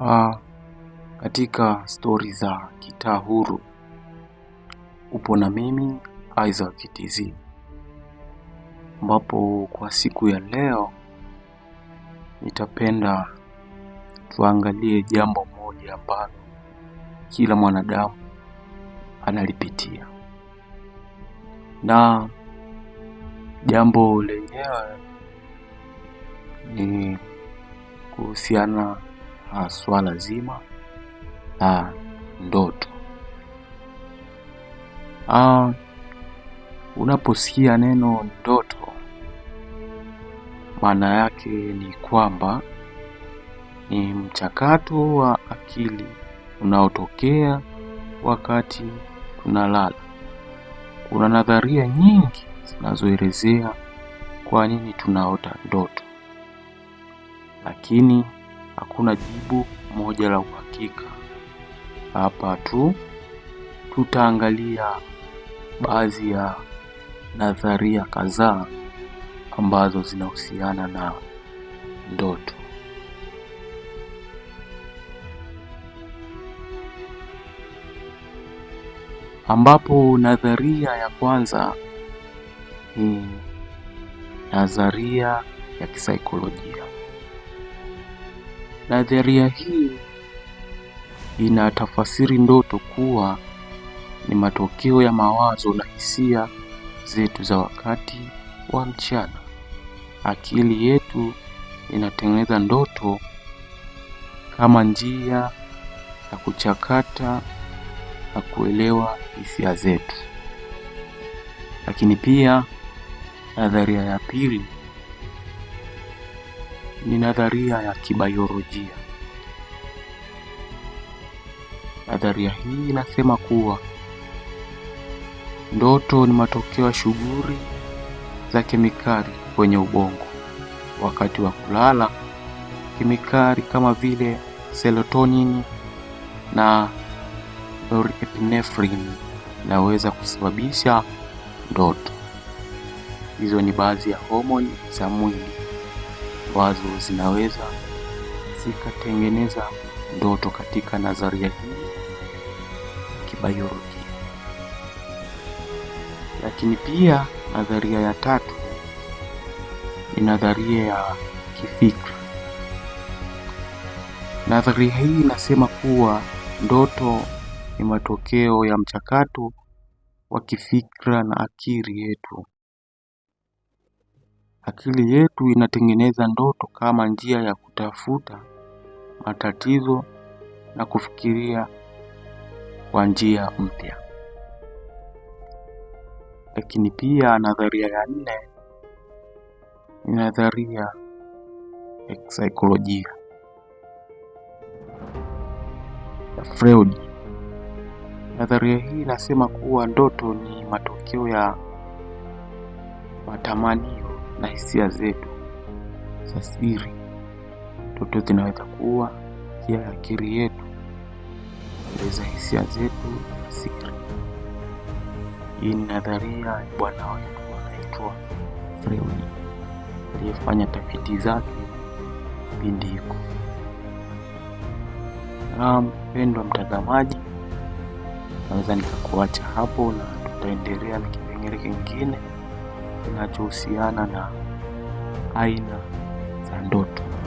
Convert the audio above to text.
Aa, katika stori za kitaa huru upo na mimi Isaac TZ, ambapo kwa siku ya leo nitapenda tuangalie jambo moja ambalo kila mwanadamu analipitia, na jambo lenyewe ni kuhusiana Ah, swala zima la ndoto. Uh, unaposikia neno ndoto, maana yake ni kwamba ni mchakato wa akili unaotokea wakati tunalala. Kuna nadharia nyingi zinazoelezea kwa nini tunaota ndoto, lakini hakuna jibu moja la uhakika. Hapa tu tutaangalia baadhi ya nadharia kadhaa ambazo zinahusiana na ndoto. Ambapo nadharia ya kwanza ni nadharia ya kisaikolojia. Nadharia hii inatafasiri ndoto kuwa ni matokeo ya mawazo na hisia zetu za wakati wa mchana. Akili yetu inatengeneza ndoto kama njia ya kuchakata na kuelewa hisia zetu. Lakini pia nadharia ya pili ni nadharia ya kibayolojia. Nadharia hii inasema kuwa ndoto ni matokeo ya shughuli za kemikali kwenye ubongo wakati wa kulala. Kemikali kama vile serotonin na norepinephrine inaweza kusababisha ndoto. Hizo ni baadhi ya homoni za mwili ambazo zinaweza zikatengeneza ndoto katika nadharia hii kibayolojia. Lakini pia nadharia ya tatu ni nadharia ya kifikra. Nadharia hii inasema kuwa ndoto ni matokeo ya mchakato wa kifikra na akili yetu. Akili yetu inatengeneza ndoto kama njia ya kutafuta matatizo na kufikiria kwa njia mpya. Lakini pia nadharia ya nne ni nadharia ya kisaikolojia ya Freud. Nadharia hii inasema kuwa ndoto ni matokeo ya matamanio na hisia zetu za siri. Ndoto zinaweza kuwa njia ya akili yetu kueleza hisia zetu za siri. Hii ni nadharia ya bwana wetu anaitwa Freud aliyefanya tafiti zake kipindi hiko. Na mpendwa mtazamaji, naweza nikakuacha hapo na tutaendelea na kipengele kingine kinachohusiana na aina za ndoto.